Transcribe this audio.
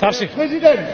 Herr Präsident!